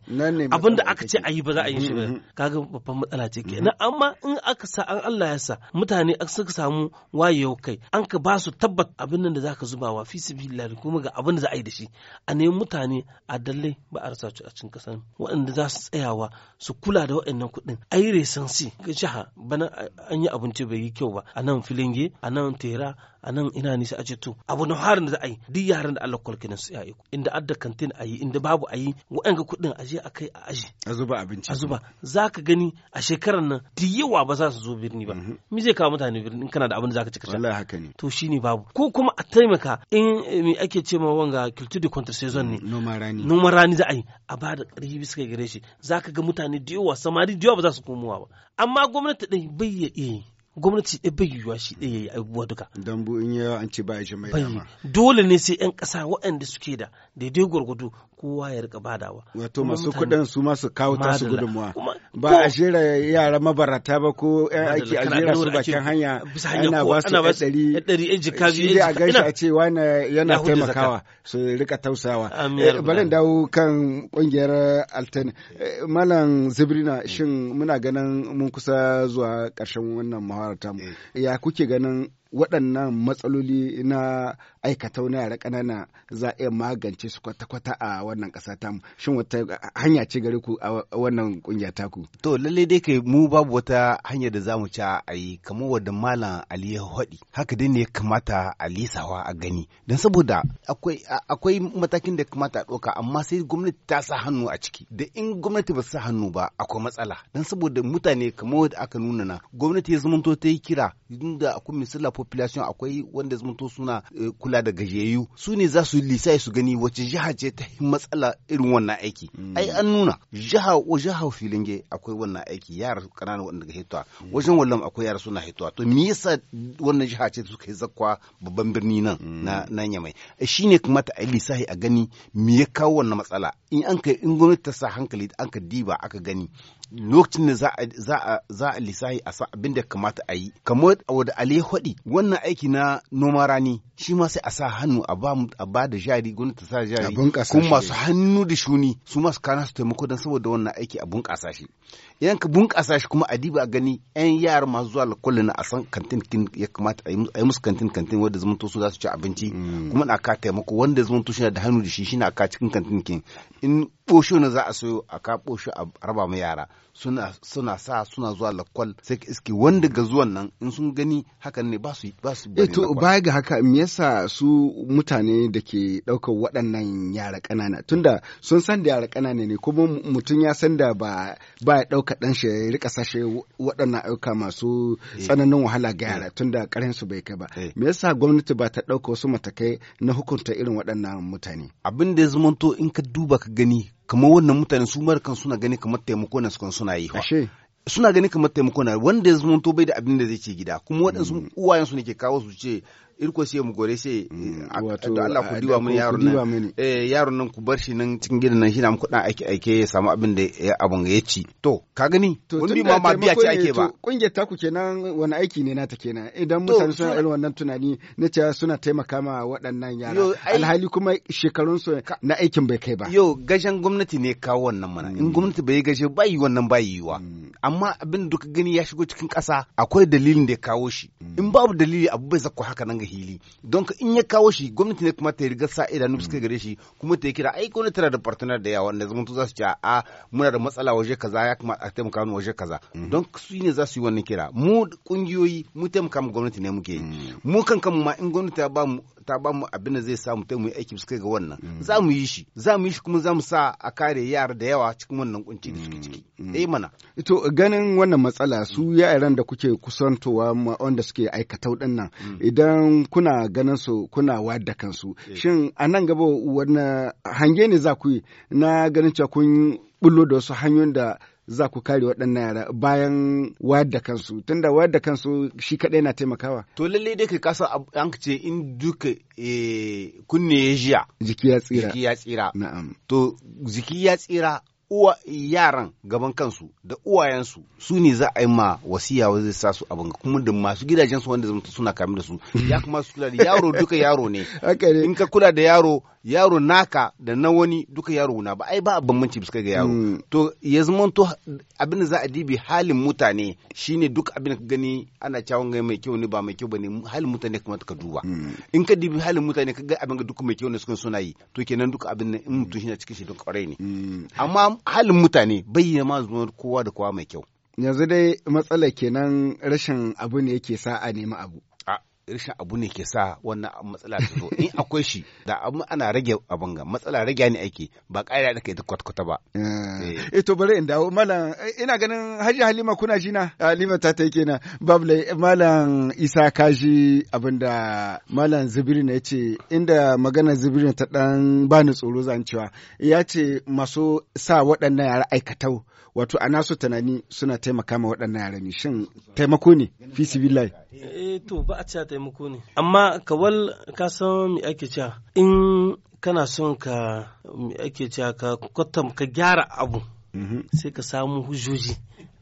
abin da aka ce a yi ba za a yi shi ba mm-hmm. kaga babban matsala ce mm-hmm. na amma in aka sa an Allah ya sa mutane suka samu wayewa kai an ka ba su tabbat abin nan da zaka zubawa fi sabilillah kuma ga abin da za a yi da shi a nemi mutane a dalle ba a rasa a cikin kasan waɗanda za su tsayawa su kula da waɗannan kuɗin a yi resansi ka jiha bana an yi abinci bai yi kyau ba a nan filinge a nan tera a nan ina nisa a ce to abu na harin da za a yi duk yaran da Allah kwalkinin su yayi inda adda kantin a yi inda babu a yi wa'anga kuɗin a je a kai a aji a zuba abinci a zuba za ka gani a shekarar nan Da yawa ba za su zo birni ba mi mhm. zai kawo mutane birni in kana da abin da za ka ci kasha wallahi haka ne to shine babu ko kuma a taimaka in eh, me ake ce ma wanga culture de contre saison ne noma rani noma rani za a yi a ba da ƙarfi bisa gare shi za ka ga mutane da yawa samari da yawa ba za su komowa ba amma gwamnati ɗin bai ya iya gwamnati ɗaya bai yiwuwa shi ɗaya yi abubuwa duka Don bu in yawa an ce ba ya mai dama dole ne sai yan ƙasa waɗanda suke da daidai gwargwado kowa ya rika badawa wato masu kuɗin su masu kawo tasu gudunmuwa ba a jera yara mabarata ba ko yan aiki a jera su bakin hanya ana ba su ɗari shi dai a gaisa a ce wani yana taimakawa su rika tausawa eh, balin dawo kan kungiyar altan eh, malam zibrina shin muna ganin mun kusa zuwa ƙarshen wannan muhawara tamu ya kuke ganin waɗannan matsaloli na aikatau na yara ƙanana za a iya magance su kwata-kwata a wannan ƙasa mu shin wata hanya ce gare ku a wannan ƙungiya ku. to lallai dai kai mu babu wata hanya da za mu ci a yi kamar wadda malam ali ya haɗi haka dai ne ya kamata a lisawa a gani don saboda akwai matakin da kamata a ɗauka amma sai gwamnati ta sa hannu a ciki da in gwamnati ba sa hannu ba akwai matsala don saboda mutane kamar wadda aka nuna na gwamnati ya zamanto ta yi kira da akwai misala population akwai wanda zumunto suna eh, kula da gajeyu su ne za su lisai su gani wace jiha ce ta matsala irin wannan aiki hmm. ai an nuna jiha o jiha filinge akwai wannan aiki yara kanana wanda ga hitowa hmm. wajen wallam akwai yara suna hitowa to me yasa wannan jiha ce suka yi zakwa babban birni nan hmm. na nan yamai shine kuma ta ai lisai a gani me ya kawo wannan matsala in an kai in gwamnati ta sa hankali an ka diba aka gani lokacin da za a za a lissahi a sa abin da kamata a yi kamar wadda alai ya wannan aiki na noma rani shi ma sai a sa hannu a ba a ba da jari gwamnati ta sa jari kuma masu hannu da shuni su masu kana su taimako don saboda wannan aiki a bunƙasa shi idan ka bunƙasa shi kuma a diba a gani yan yara masu zuwa lakwalli na a san kantin kin ya kamata a yi musu kantin kantin wanda zaman su za su ci abinci mm. kuma na ka taimako wanda zaman to na da hannu da shi shi na ka cikin kantin kin in ɓosho na za a sayo a ka ɓosho a raba ma yara suna suna sa suna zuwa lakwal sai ka iske wanda ga zuwan nan in sun gani hakan ne ba su ba su bari eh, to baya ga haka me yasa su mutane da ke ɗaukar waɗannan yara ƙanana tunda sun san da yara ƙanana ne kuma mutum ya san da ba ba ya ɗauka kaɗan shi ya rika sashe waɗannan ayyuka masu eh. tsananin wahala ga eh. yara tun da ƙarhin su bai kai ba eh. me yasa gwamnati ba ta ɗauka wasu matakai na hukunta irin waɗannan mutane abin da ya zamanto in ka duba ka gani kamar wannan mutane su mara kan suna gani kamar taimako na sukan suna yi suna gani kamar taimako na wanda ya zamanto bai da abin da zai ce gida kuma waɗansu hmm. uwayensu ne ke kawo su ce irko sai mu gore sai mm, eh, wato Allah ku diwa mun yaron nan eh yaron nan ku bar shi nan cikin gidan nan shi na muku dan aiki aike ya samu abin da abun ya ci to ka gani wani ma ma biya ci ake ba kungiyar ku kenan wani aiki ne na ta kenan idan mutane suna irin wannan tunani na cewa suna taimaka ma waɗannan yara alhali kuma shekarun su na aikin bai kai ba yo gashin gwamnati ne kawo wannan mana in mm. gwamnati bai gashe ba yi wannan ba yi yiwa mm. amma abin da duka gani ya shigo cikin ƙasa akwai dalilin da ya kawo shi in babu dalili abu bai zakko haka nan ga hili donc in ya kawo shi gwamnati ne kuma ta riga sa idanu suka gare shi kuma ta kira ai gwamnati tana da partner da yawa wanda zaman za su ci a muna da matsala waje kaza ya kuma a taimaka mu waje kaza mm-hmm. don su ne za su yi wannan kira mu kungiyoyi mu taimaka mu gwamnati ne muke yi mm-hmm. mu kan kanmu ma in gwamnati ta ba mu ta ba mu abin da zai sa mu taimu aiki suka ga wannan mm-hmm. za mu yi shi za mu yi shi kuma za mu sa a kare yara da yawa cikin wannan kunci da suke ciki eh mana to ganin wannan matsala su yaran da kuke kusantowa wanda suke aikatau dinnan idan nan kuna ganin su kuna wayar da kansu eh. shin a nan gaba wani hange ne za ku yi na ganin cewa kun bullo da wasu hanyoyin da za ku kare waɗannan yara bayan wayar da kansu tunda wayar da kansu shi kaɗai na taimakawa. To lalle dai kai kasa an ce in duka eh, kunne ya jiya. Jiki ya tsira. Jiki ya tsira. Na'am. To jiki ya tsira uwa yaran gaban kansu da uwayensu su ne za a yi ma wasiya wa zai sa su abin kuma da masu gidajen su wanda zamanta suna kamin da su ya kuma su kula da yaro duka yaro ne in ka kula da yaro yaro naka da na wani duka yaro na ba ai ba manci biskai ga yaro hmm. to ya zama to abin da za a dibi halin mutane shine duk abin ka gani ana cawon gani mai kyau ne ba mai kyau ba ne halin mutane kuma ka duba hmm. in ka dibi halin mutane ka ga abin ga duka mai kyau ne suka suna yi to kenan duka abin nan in mutum shi na cikin shi don kwarai ne hmm. amma halin mutane bayyana ma zuwa kowa da kowa mai kyau yanzu dai matsala kenan rashin abu ne yake sa a nemi abu rashin abu ne ke sa wannan matsala ta zo in akwai shi da abu ana rage abin ga matsala rage ne ake ba ƙara da kai ta kwata ba. Eh. Eh. eh to bari in dawo malam eh, ina ganin Hajji Halima kuna jina ah, Halima ta ta kenan bablai malam Isa kaji abinda malam Zubiri ne yace inda magana Zubiri ta dan bani tsoro zan cewa ya ce masu sa waɗannan yara aikatau wato a nasu tunani suna taimaka ma waɗannan yara ne shin taimako ne fi sibilai. Eh to ba a taimako ne amma kawal ka san mi ake cewa in kana son ka mi ake cewa ka kwatam ka gyara abu mhm. sai ka samu hujjoji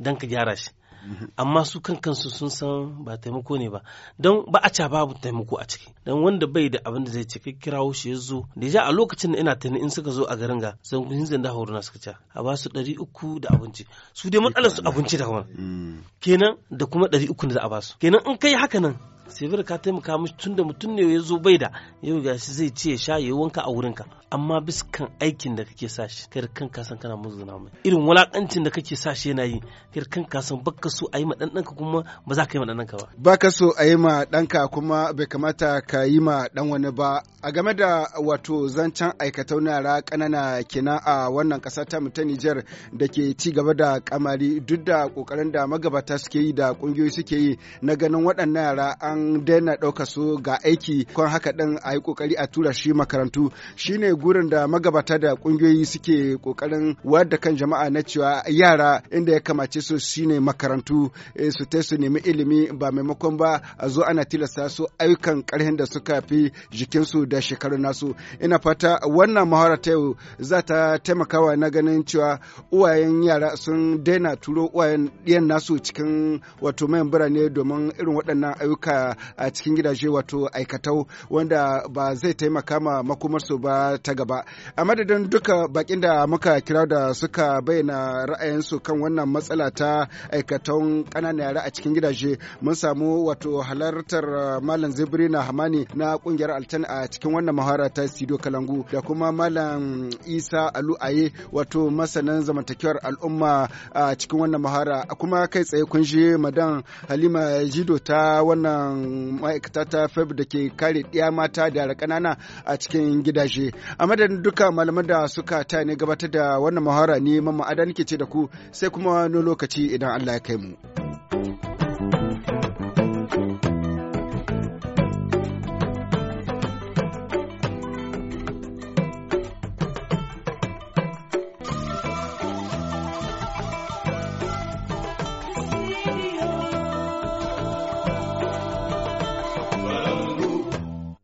don ka gyara shi mhm. amma su kan kansu sun san ba taimako ne ba don ba a ca babu taimako a ciki don wanda bai da abin da zai ce kai kirawo shi ya zo da ja a lokacin da ina tani in suka zo a garin ga zan kun zan da na suka ca a ba su ɗari uku da abinci su dai matsalar su abinci da kuma mm. kenan da kuma ɗari uku da a ba su kenan in kai haka nan sevir ka taimaka mishi tun da mutum ne ya zo bai da yau ga shi zai ce sha ya wanka a wurinka amma biskan aikin da kake sa shi kai kan kasan kana muzuna mai irin wulakancin da kake sa shi yana yi kai kan kasan baka so a yi ma ɗanɗanka kuma ba za ka yi ma ɗanɗanka ba baka so a yi ma ɗanka kuma bai kamata ka yi ma ɗan wani ba a game da wato zancen aikatau yara ƙanana kenan a wannan ƙasa ta ta Nijar da ke ci gaba da kamari duk da ƙoƙarin da magabata suke yi da ƙungiyoyi suke yi na ganin waɗannan yara an an daina ɗauka su ga aiki kon haka ɗin a yi ƙoƙari a tura shi makarantu shine gurin da magabata da ƙungiyoyi suke ƙoƙarin wayar kan jama'a na cewa yara inda ya kamace su shine makarantu eh, su ta su nemi ilimi ba maimakon ba a zo ana tilasta su ayyukan ƙarhin da suka fi jikinsu da shekaru nasu ina fata wannan muhawara ta yau za ta taimakawa na ganin cewa uwayen yara sun daina turo uwayen ɗiyan nasu cikin wato mayan birane domin irin waɗannan ayyuka a cikin gidaje wato aikatau wanda ba zai taimaka ma makomarsu ba ta gaba a madadin duka bakin da muka kira da suka bayyana ra'ayinsu kan wannan matsala ta aikatan ƙananan yara a cikin gidaje mun samu wato halartar uh, malam zibri na hamani na kungiyar altan a cikin wannan mahara ta sido kalangu da kuma malam isa alu aye wato masanan zamantakewar al'umma a cikin wannan mahara kuma kai tsaye kun je madan halima jido ta wannan bangaren ma'aikata ta feb da ke kare ɗiya mata da yara ƙanana a cikin gidaje a madadin duka malaman da suka ta ne gabatar da wannan muhara ne mamma adan ke ce da ku sai kuma wani lokaci idan allah ya kai mu.